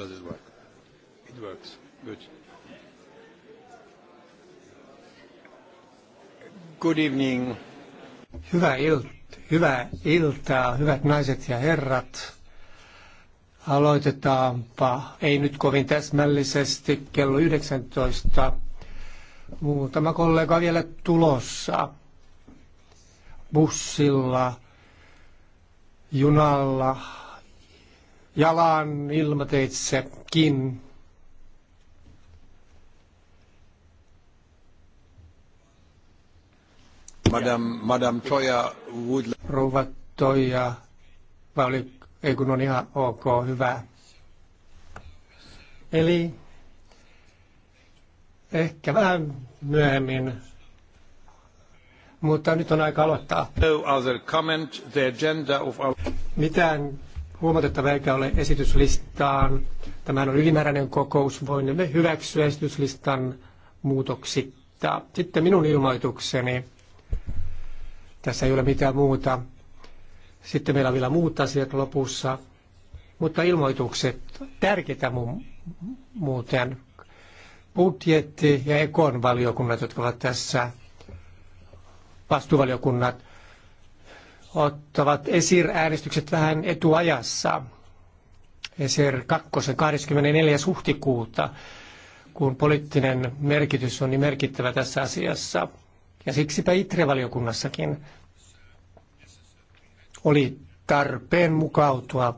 Does it work? It works. Good. Good evening. Hyvää, ilt- hyvää iltaa, hyvät naiset ja herrat. Aloitetaanpa, ei nyt kovin täsmällisesti, kello 19. Muutama kollega vielä tulossa bussilla, junalla, jalan ilmateitsekin. Madam, madam Toya would... Rouva Toya, vai oli, ei kun on ihan ok, hyvä. Eli ehkä vähän myöhemmin, mutta nyt on aika aloittaa. No other comment, the agenda of our... Mitään huomautettava eikä ole esityslistaan. Tämä on ylimääräinen kokous, voimme hyväksyä esityslistan muutoksitta. Sitten minun ilmoitukseni. Tässä ei ole mitään muuta. Sitten meillä on vielä muut asiat lopussa. Mutta ilmoitukset, tärkeitä mu- muuten, budjetti- ja ekon valiokunnat, jotka ovat tässä vastuuvaliokunnat, ottavat ESIR-äänestykset vähän etuajassa. ESIR 2. 24. huhtikuuta, kun poliittinen merkitys on niin merkittävä tässä asiassa. Ja siksipä ITRE-valiokunnassakin oli tarpeen mukautua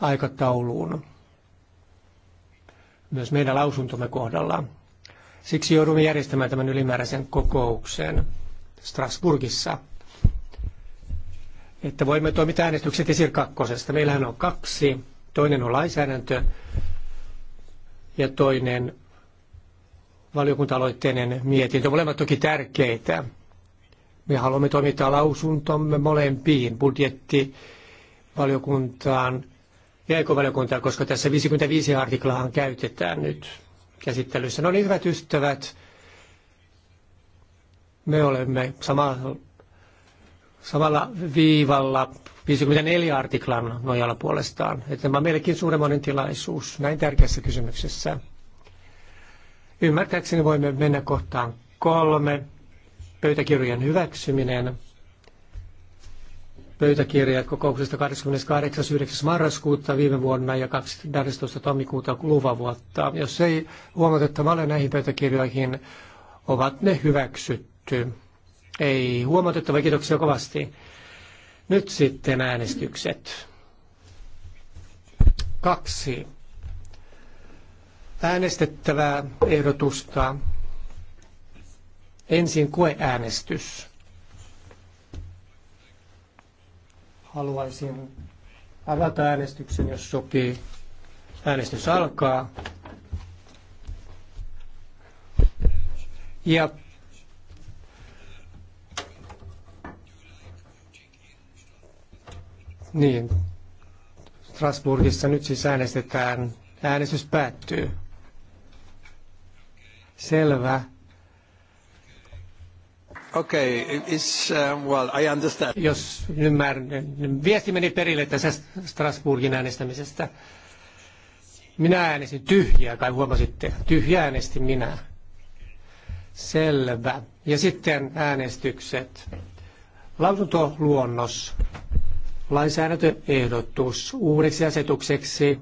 aikatauluun myös meidän lausuntomme kohdalla. Siksi joudumme järjestämään tämän ylimääräisen kokouksen Strasburgissa – että voimme toimita äänestykset esir kakkosesta. Meillähän on kaksi. Toinen on lainsäädäntö ja toinen valiokunta-aloitteinen mietintö. Molemmat toki tärkeitä. Me haluamme toimittaa lausuntomme molempiin budjettivaliokuntaan ja ekovaliokuntaan, koska tässä 55 artiklaa käytetään nyt käsittelyssä. No niin, hyvät ystävät, me olemme samaa samalla viivalla 54 artiklan nojalla puolestaan. Että tämä on meillekin suuremmoinen tilaisuus näin tärkeässä kysymyksessä. Ymmärtääkseni voimme mennä kohtaan kolme, pöytäkirjojen hyväksyminen. Pöytäkirjat kokouksesta 28.9. marraskuuta viime vuonna ja 12. tammikuuta kuluvaa vuotta. Jos ei huomata, että näihin pöytäkirjoihin, ovat ne hyväksytty. Ei huomautettava, kiitoksia kovasti. Nyt sitten äänestykset. Kaksi äänestettävää ehdotusta. Ensin koeäänestys. Haluaisin avata äänestyksen, jos sopii. Äänestys alkaa. Ja Niin, Strasbourgissa nyt siis äänestetään. Äänestys päättyy. Selvä. Okei, okay, it's, uh, um, well, I understand. Jos ymmärrän, niin viesti meni perille tässä Strasbourgin äänestämisestä. Minä äänestin tyhjää, kai huomasitte. Tyhjää äänestin minä. Selvä. Ja sitten äänestykset. Lausuntoluonnos. luonnos lainsäädäntöehdotus uudeksi asetukseksi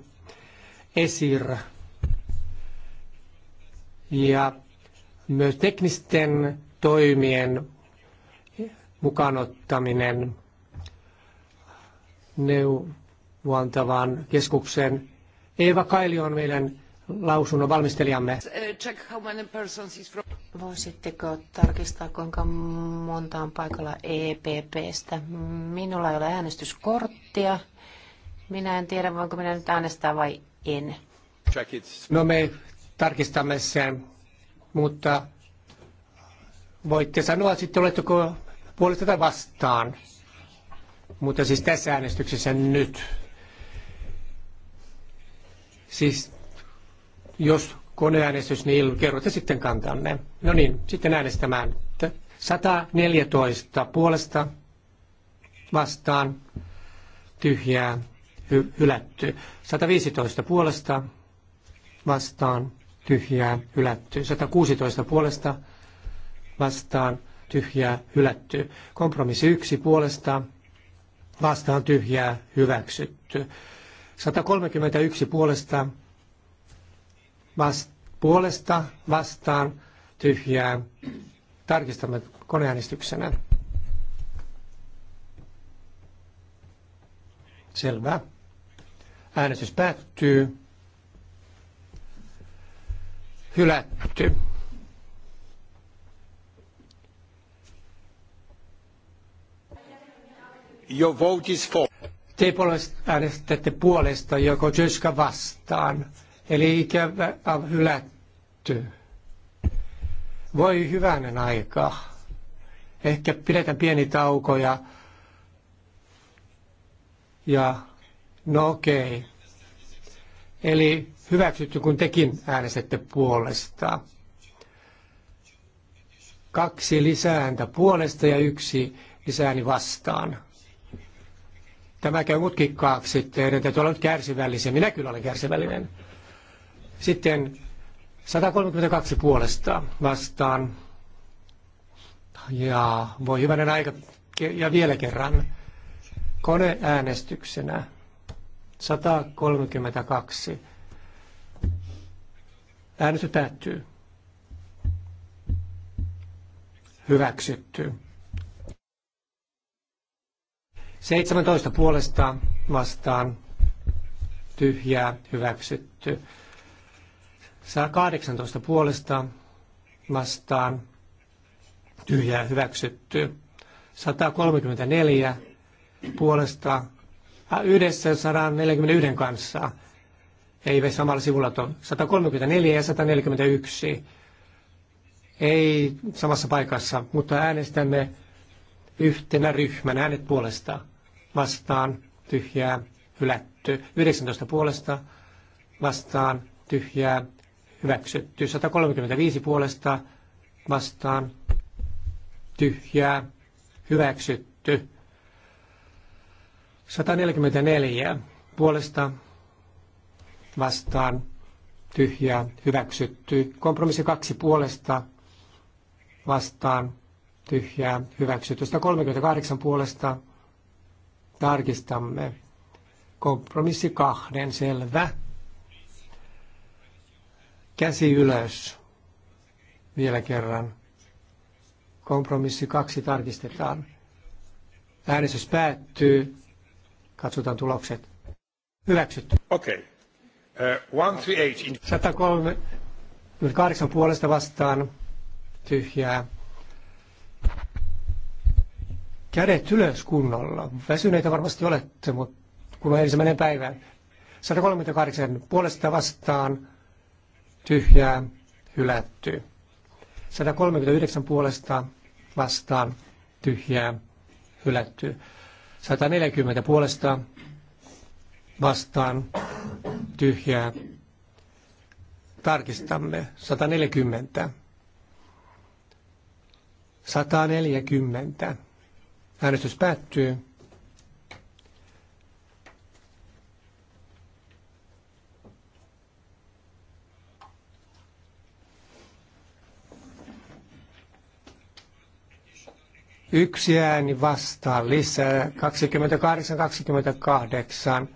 ESIR ja myös teknisten toimien mukaanottaminen neuvoantavan keskukseen. Eeva Kaili on meidän lausunnon valmistelijamme. Check how many persons is from... Voisitteko tarkistaa, kuinka monta on paikalla EPPstä? Minulla ei ole äänestyskorttia. Minä en tiedä, voinko minä nyt äänestää vai en. No me tarkistamme sen, mutta voitte sanoa sitten, oletteko puolesta tai vastaan. Mutta siis tässä äänestyksessä nyt. Siis jos koneäänestys, niin kerrotte sitten kantanne. No niin, sitten äänestämään. 114 puolesta vastaan tyhjää hy- hylätty. 115 puolesta vastaan tyhjää hylätty. 116 puolesta vastaan tyhjää hylätty. Kompromissi 1 puolesta vastaan tyhjää hyväksytty. 131 puolesta vast, puolesta vastaan tyhjää. Tarkistamme koneäänestyksenä. Selvä. Äänestys päättyy. Hylätty. Your vote is for. Te puolesta äänestätte puolesta, joko Jöskä vastaan. Eli ikävä hylätty. Voi hyvänen aika. Ehkä pidetään pieni tauko ja, ja no okei. Okay. Eli hyväksytty, kun tekin äänestette puolesta. Kaksi lisääntä puolesta ja yksi lisääni vastaan. Tämä käy mutkikkaaksi, että täytyy olla nyt kärsivällisiä. Minä kyllä olen kärsivällinen. Sitten 132 puolesta vastaan. Ja voi hyvänen aika, ja vielä kerran koneäänestyksenä 132. Äänestys päättyy. Hyväksytty. 17 puolesta vastaan tyhjää hyväksytty. 118 puolesta vastaan tyhjää hyväksytty. 134 puolesta yhdessä 141 kanssa. Ei samalla sivulla tuo 134 ja 141. Ei samassa paikassa, mutta äänestämme yhtenä ryhmänä äänet puolesta vastaan tyhjää hylätty. 19 puolesta vastaan tyhjää hyväksytty. 135 puolesta vastaan tyhjää hyväksytty. 144 puolesta vastaan tyhjää hyväksytty. Kompromissi kaksi puolesta vastaan tyhjää hyväksytty. 138 puolesta tarkistamme. Kompromissi kahden selvä. Käsi ylös. Vielä kerran. Kompromissi kaksi tarkistetaan. Äänestys päättyy. Katsotaan tulokset. Hyväksytty. Okei. Okay. Uh, 138. puolesta vastaan. Tyhjää. Kädet ylös kunnolla. Väsyneitä varmasti olette, mutta kun on ensimmäinen päivä. 138 puolesta vastaan tyhjää, hylätty. 139 puolesta vastaan, tyhjää, hylätty. 140 puolesta vastaan, tyhjää. Tarkistamme. 140. 140. Äänestys päättyy. Yksi ääni vastaan lisää. 28-28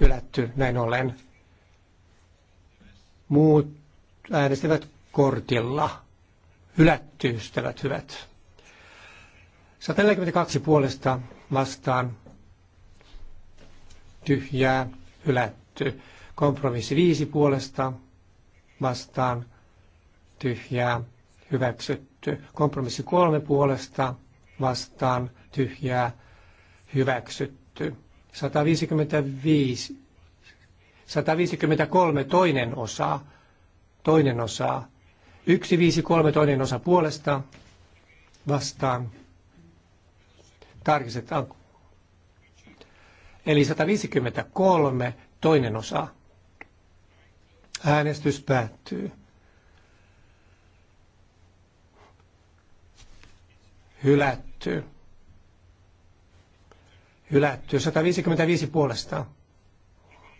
hylätty näin ollen. Muut äänestivät kortilla. Hylätty, ystävät hyvät. 142 puolesta vastaan tyhjää, hylätty. Kompromissi 5 puolesta vastaan tyhjää, hyväksytty. Kompromissi 3 puolesta vastaan tyhjää hyväksytty. 155, 153 toinen osa, toinen osa, 153 toinen osa puolesta vastaan. Tarkistetaan. Eli 153 toinen osa. Äänestys päättyy. Hylätty. Hylätty. 155 puolesta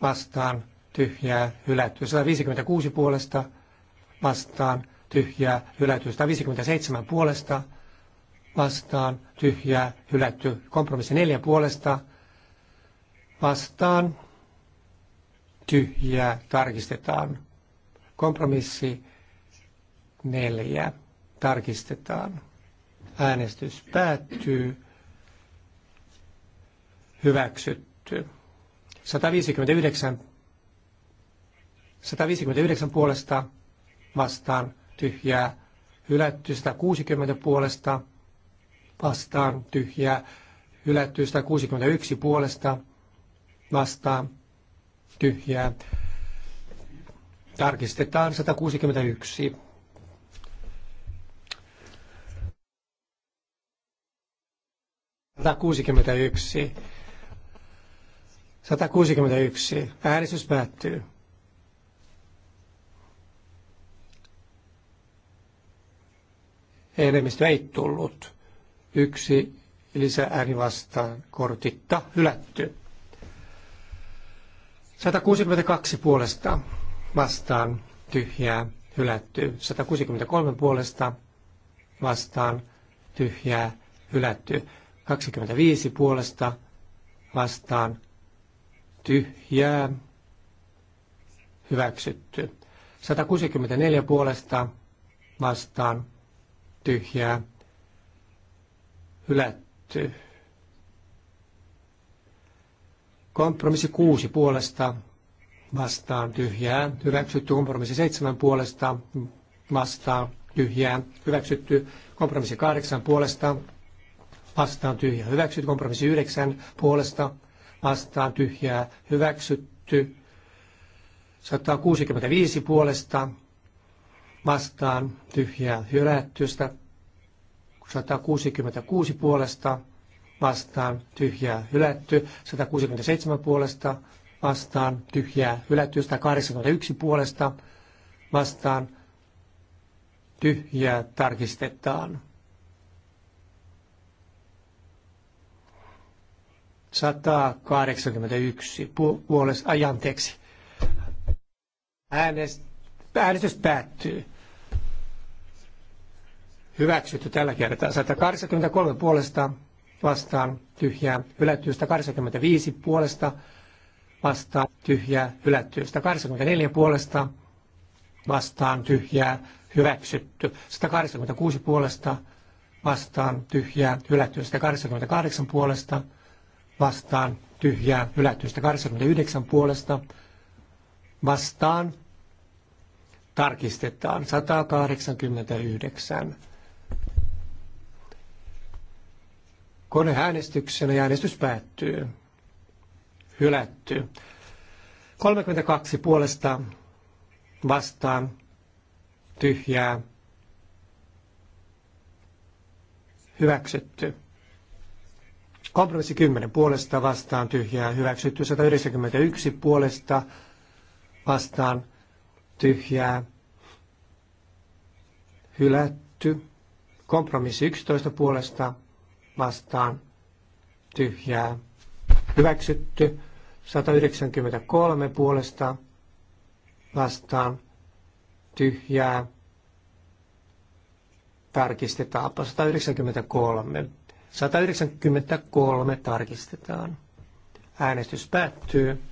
vastaan tyhjää hylätty. 156 puolesta vastaan tyhjää hylätty. 157 puolesta vastaan tyhjää hylätty. Kompromissi 4 puolesta vastaan tyhjää tarkistetaan. Kompromissi 4 tarkistetaan. Äänestys päättyy. Hyväksytty. 159, 159 puolesta vastaan tyhjää. Hylätty 160 puolesta vastaan tyhjää. Hylätty 161 puolesta vastaan tyhjää. Tarkistetaan 161. 161. 161. Äänestys päättyy. Enemmistö ei tullut. Yksi lisääni vastaan kortitta hylätty. 162 puolesta vastaan tyhjää hylätty. 163 puolesta vastaan tyhjää hylätty. 25 puolesta vastaan tyhjää hyväksytty. 164 puolesta vastaan tyhjää hylätty. Kompromissi 6 puolesta vastaan tyhjää hyväksytty. Kompromissi 7 puolesta vastaan tyhjää hyväksytty. Kompromissi 8 puolesta vastaan tyhjää hyväksytty. Kompromissi yhdeksän puolesta vastaan tyhjää hyväksytty. 165 puolesta vastaan tyhjää hylätty. 166 puolesta vastaan tyhjää hylätty. 167 puolesta vastaan tyhjää hylätty. 181 puolesta vastaan tyhjää tarkistetaan. 181 puolesta, puolessa anteeksi. Äänest, äänestys päättyy. Hyväksytty tällä kertaa. 183 puolesta vastaan tyhjää, hylätty 185 puolesta vastaan tyhjää, hylätty 184 puolesta vastaan tyhjää, hyväksytty 186 puolesta vastaan tyhjää, hylätty 188 puolesta vastaan tyhjää hylätystä. 89 puolesta vastaan tarkistetaan 189. Koneäänestyksenä ja äänestys päättyy. Hylätty. 32 puolesta vastaan tyhjää hyväksytty. Kompromissi 10 puolesta vastaan tyhjää hyväksytty. 191 puolesta vastaan tyhjää hylätty. Kompromissi 11 puolesta vastaan tyhjää hyväksytty. 193 puolesta vastaan tyhjää tarkistetaanpa 193. 193 tarkistetaan. Äänestys päättyy.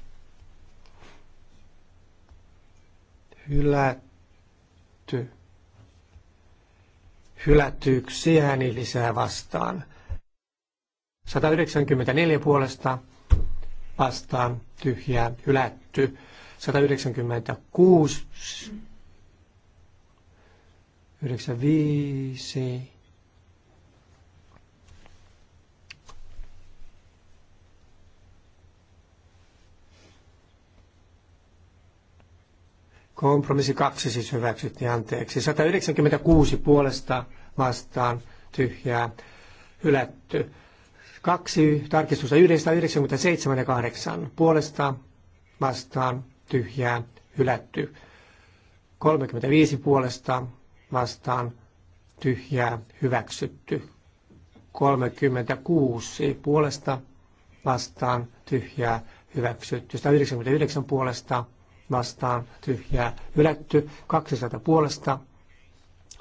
Hylätty. Hylätty yksi ääni lisää vastaan. 194 puolesta vastaan tyhjää hylätty. 196 95 Kompromissi kaksi siis hyväksyttiin, anteeksi. 196 puolesta vastaan tyhjää hylätty. Kaksi tarkistusta 197 ja 8 puolesta vastaan tyhjää hylätty. 35 puolesta vastaan tyhjää hyväksytty. 36 puolesta vastaan tyhjää hyväksytty. 199 puolesta vastaan tyhjää hylätty, 200 puolesta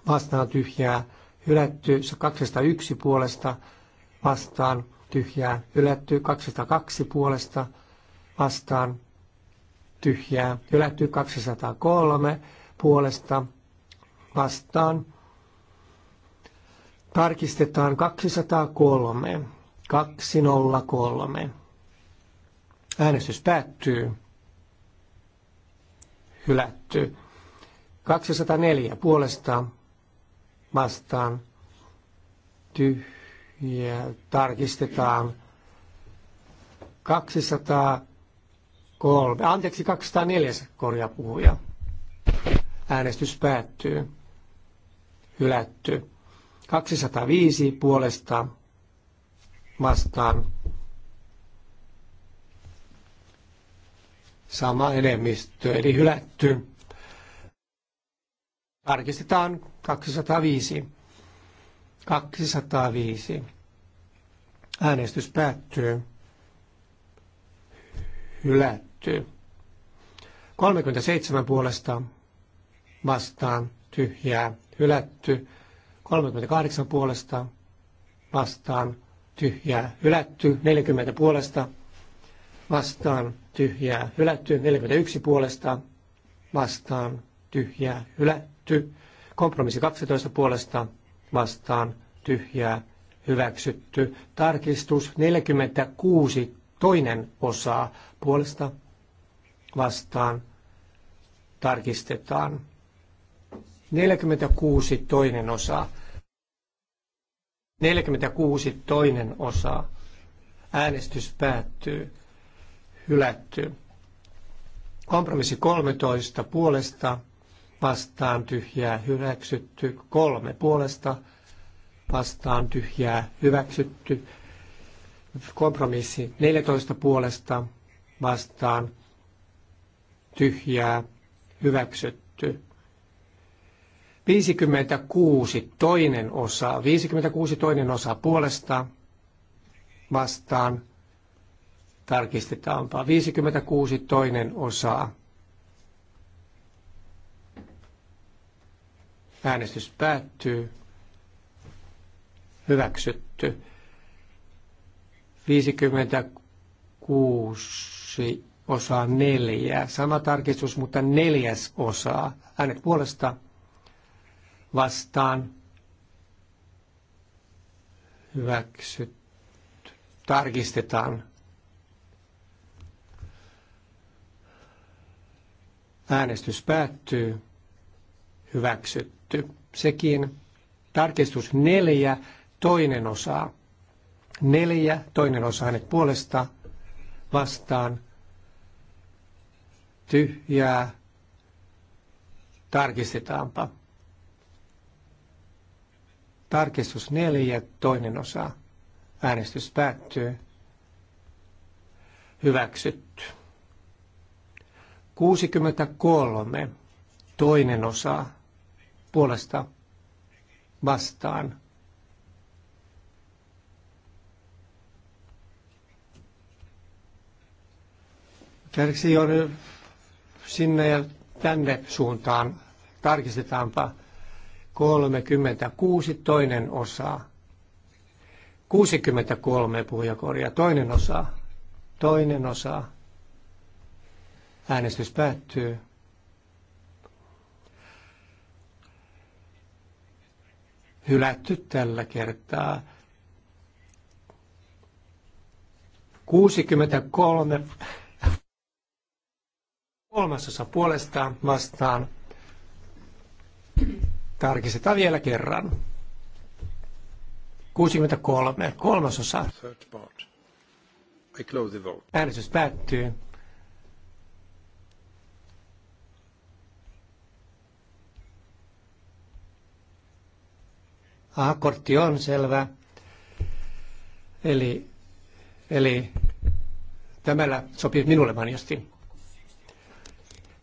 vastaan tyhjää hylätty, 201 puolesta vastaan tyhjää hylätty, 202 puolesta vastaan tyhjää hylätty, 203 puolesta vastaan tarkistetaan 203, 203. Äänestys päättyy hylätty. 204 puolesta vastaan tyhjä tarkistetaan. 203, anteeksi 204 korjaa puhuja. Äänestys päättyy. Hylätty. 205 puolesta vastaan sama enemmistö, eli hylätty. Tarkistetaan 205. 205. Äänestys päättyy. Hylätty. 37 puolesta vastaan tyhjää hylätty. 38 puolesta vastaan tyhjää hylätty. 40 puolesta vastaan tyhjää hylätty, 41 puolesta vastaan tyhjää hylätty, kompromissi 12 puolesta vastaan tyhjää hyväksytty, tarkistus 46 toinen osaa puolesta vastaan tarkistetaan. 46 toinen osa. 46 toinen osa. Äänestys päättyy hylätty. Kompromissi 13 puolesta vastaan tyhjää hyväksytty. Kolme puolesta vastaan tyhjää hyväksytty. Kompromissi 14 puolesta vastaan tyhjää hyväksytty. 56 toinen osa, 56 toinen osa puolesta vastaan Tarkistetaanpa. 56 toinen osa. Äänestys päättyy. Hyväksytty. 56 osaa neljä. Sama tarkistus, mutta neljäs osaa. Äänet puolesta vastaan hyväksytty. Tarkistetaan. Äänestys päättyy. Hyväksytty. Sekin tarkistus neljä, toinen osa. Neljä, toinen osa hänet puolesta vastaan. Tyhjää. Tarkistetaanpa. Tarkistus neljä, toinen osa. Äänestys päättyy. Hyväksytty. 63. Toinen osa puolesta vastaan. Kärsi on sinne ja tänne suuntaan. Tarkistetaanpa 36 toinen osa. 63 puhujakoria, toinen osa. Toinen osa. Äänestys päättyy. Hylätty tällä kertaa. 63 kolmasosa puolestaan vastaan. Tarkistetaan vielä kerran. 63 kolmasosa. Äänestys päättyy. akortti on selvä. Eli, eli tämä sopii minulle mainiosti.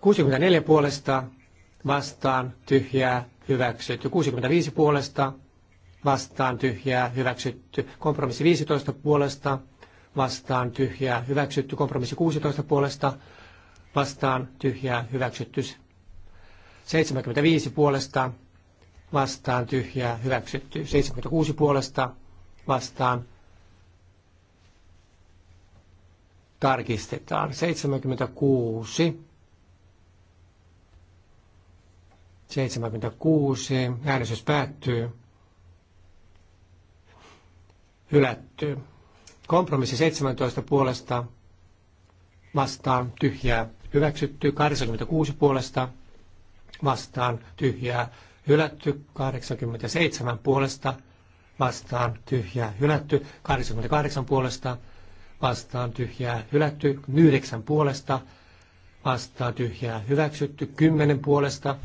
64 puolesta vastaan tyhjää hyväksytty. 65 puolesta vastaan tyhjää hyväksytty. Kompromissi 15 puolesta vastaan tyhjää hyväksytty. Kompromissi 16 puolesta vastaan tyhjää hyväksytty. 75 puolesta vastaan tyhjää hyväksytty. 76 puolesta vastaan tarkistetaan. 76. 76. Äänestys päättyy. Hylätty. Kompromissi 17 puolesta vastaan tyhjää hyväksytty. 86 puolesta vastaan tyhjää hylätty 87 puolesta vastaan tyhjää hylätty 88 puolesta vastaan tyhjää hylätty 9 puolesta vastaan tyhjää hyväksytty 10 puolesta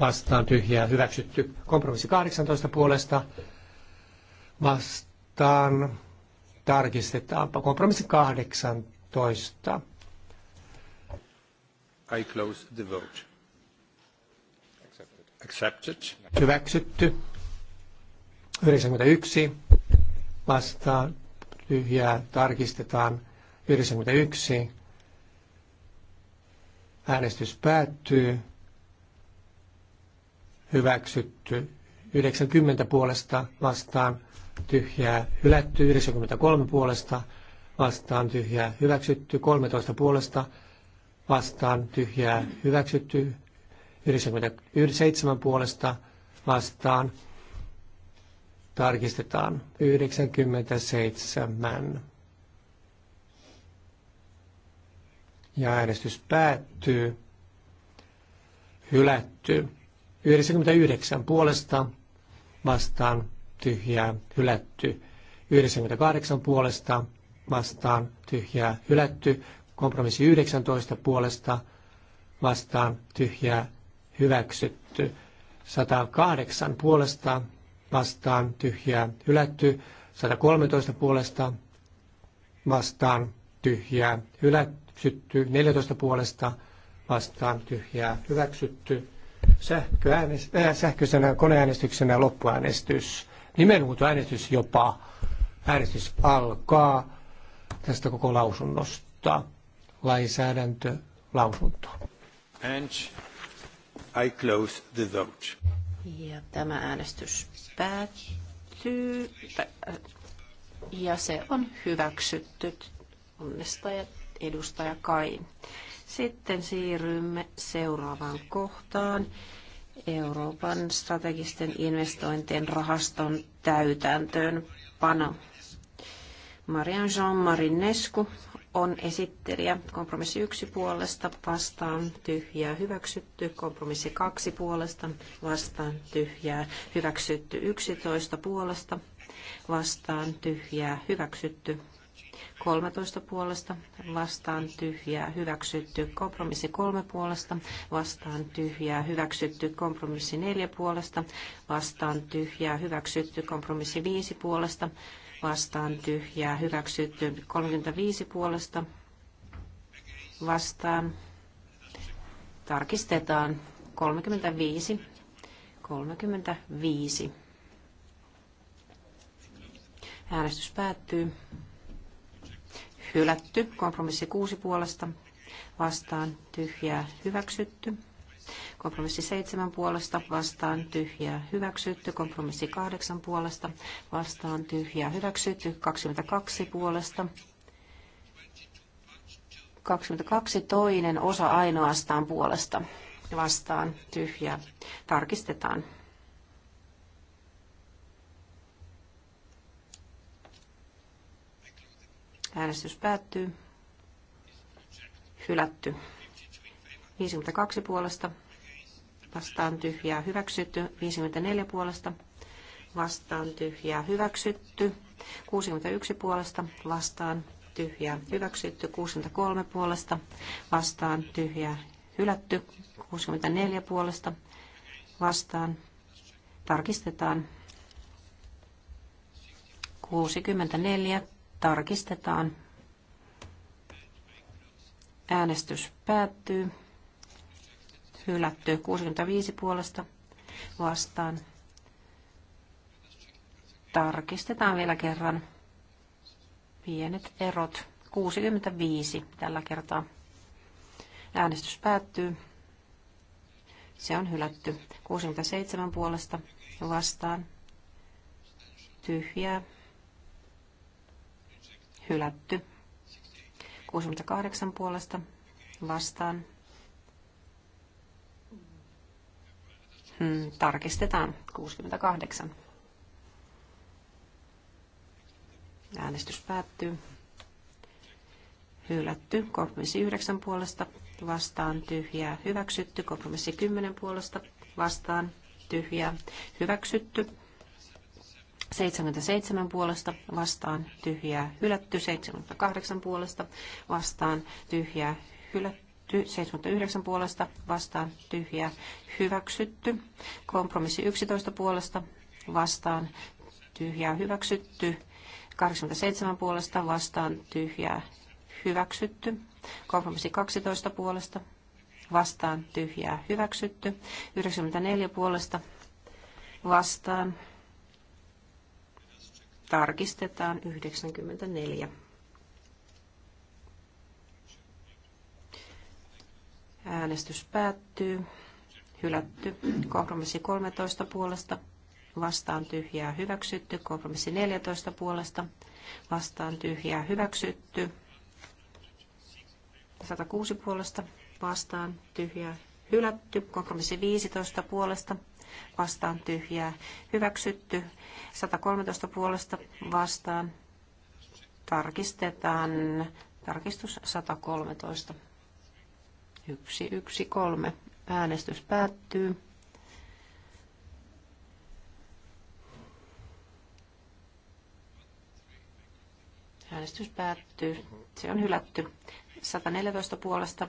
vastaan tyhjää hyväksytty kompromissi 18 puolesta vastaan tarkistetaanpa kompromissi 18. I close the vote. Accepted. Hyväksytty. 91 vastaan tyhjää tarkistetaan 91. Äänestys päättyy. Hyväksytty 90 puolesta vastaan tyhjää hylätty 93 puolesta vastaan tyhjää hyväksytty 13 puolesta vastaan tyhjää hyväksytty 97 puolesta vastaan tarkistetaan 97. Ja äänestys päättyy. Hylätty. 99 puolesta vastaan tyhjää hylätty. 98 puolesta vastaan tyhjää hylätty. Kompromissi 19 puolesta vastaan tyhjää hyväksytty. 108 puolesta vastaan tyhjää hylätty. 113 puolesta vastaan tyhjää hyväksytty. 14 puolesta vastaan tyhjää hyväksytty. äh, sähköisenä koneäänestyksenä loppuäänestys. Nimenhuutoäänestys jopa. Äänestys alkaa tästä koko lausunnosta. Lainsäädäntö lausunto. I close the vote. Ja tämä äänestys päättyy ja se on hyväksytty. Onnistajat edustaja Kai. Sitten siirrymme seuraavaan kohtaan. Euroopan strategisten investointien rahaston täytäntöön pano. Marian Jean marie Marinescu on esittelijä. Kompromissi yksi puolesta vastaan tyhjää hyväksytty. Kompromissi kaksi puolesta vastaan tyhjää hyväksytty. 11 puolesta vastaan tyhjää hyväksytty. 13 puolesta vastaan tyhjää hyväksytty. Kompromissi 3 puolesta vastaan tyhjää hyväksytty. Kompromissi 4 puolesta vastaan tyhjää hyväksytty. Kompromissi 5 puolesta vastaan tyhjää hyväksytty. 35 puolesta vastaan. Tarkistetaan 35. 35. Äänestys päättyy hylätty. Kompromissi kuusi puolesta vastaan tyhjää hyväksytty. Kompromissi seitsemän puolesta vastaan tyhjää hyväksytty. Kompromissi kahdeksan puolesta vastaan tyhjää hyväksytty. 22 puolesta 22 toinen osa ainoastaan puolesta vastaan tyhjää. Tarkistetaan. Äänestys päättyy. Hylätty. 52 puolesta vastaan tyhjää hyväksytty. 54 puolesta vastaan tyhjää hyväksytty. 61 puolesta vastaan tyhjää hyväksytty. 63 puolesta vastaan tyhjää hylätty. 64 puolesta vastaan tarkistetaan. 64 Tarkistetaan. Äänestys päättyy. Hylätty 65 puolesta vastaan. Tarkistetaan vielä kerran. Pienet erot. 65 tällä kertaa. Äänestys päättyy. Se on hylätty. 67 puolesta vastaan. Tyhjää hylätty. 68 puolesta vastaan. Hmm, tarkistetaan 68. Äänestys päättyy. Hylätty. Kompromissi 9 puolesta vastaan tyhjää hyväksytty. Kompromissi 10 puolesta vastaan tyhjää hyväksytty. 77 puolesta vastaan tyhjää hylätty, 78 puolesta vastaan tyhjää hylätty, 79 puolesta vastaan tyhjää hyväksytty, kompromissi 11 puolesta vastaan tyhjää hyväksytty, 87 puolesta vastaan tyhjää hyväksytty, kompromissi 12 puolesta vastaan tyhjää hyväksytty, 94 puolesta vastaan Tarkistetaan 94. Äänestys päättyy. Hylätty. Kompromissi 13 puolesta. Vastaan tyhjää hyväksytty. Kompromissi 14 puolesta. Vastaan tyhjää hyväksytty. 106 puolesta. Vastaan tyhjää hylätty. Kompromissi 15 puolesta vastaan tyhjää hyväksytty. 113 puolesta vastaan tarkistetaan tarkistus 113. 113. Äänestys päättyy. Äänestys päättyy. Se on hylätty. 114 puolesta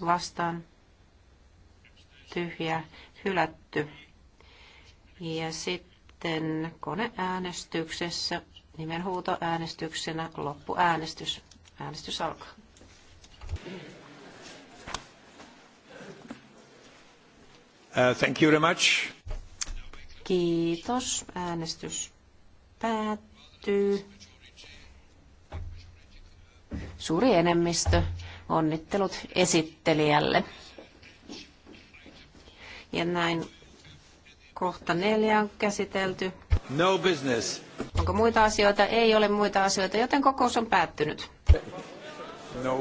vastaan. Tyhjä. Hylätty. Ja sitten koneäänestyksessä nimenhuutoäänestyksenä loppuäänestys. Äänestys alkaa. Uh, thank you very much. Kiitos. Äänestys päättyy. Suuri enemmistö. Onnittelut esittelijälle. Ja näin Kohta neljä on käsitelty. No business. Onko muita asioita? Ei ole muita asioita, joten kokous on päättynyt.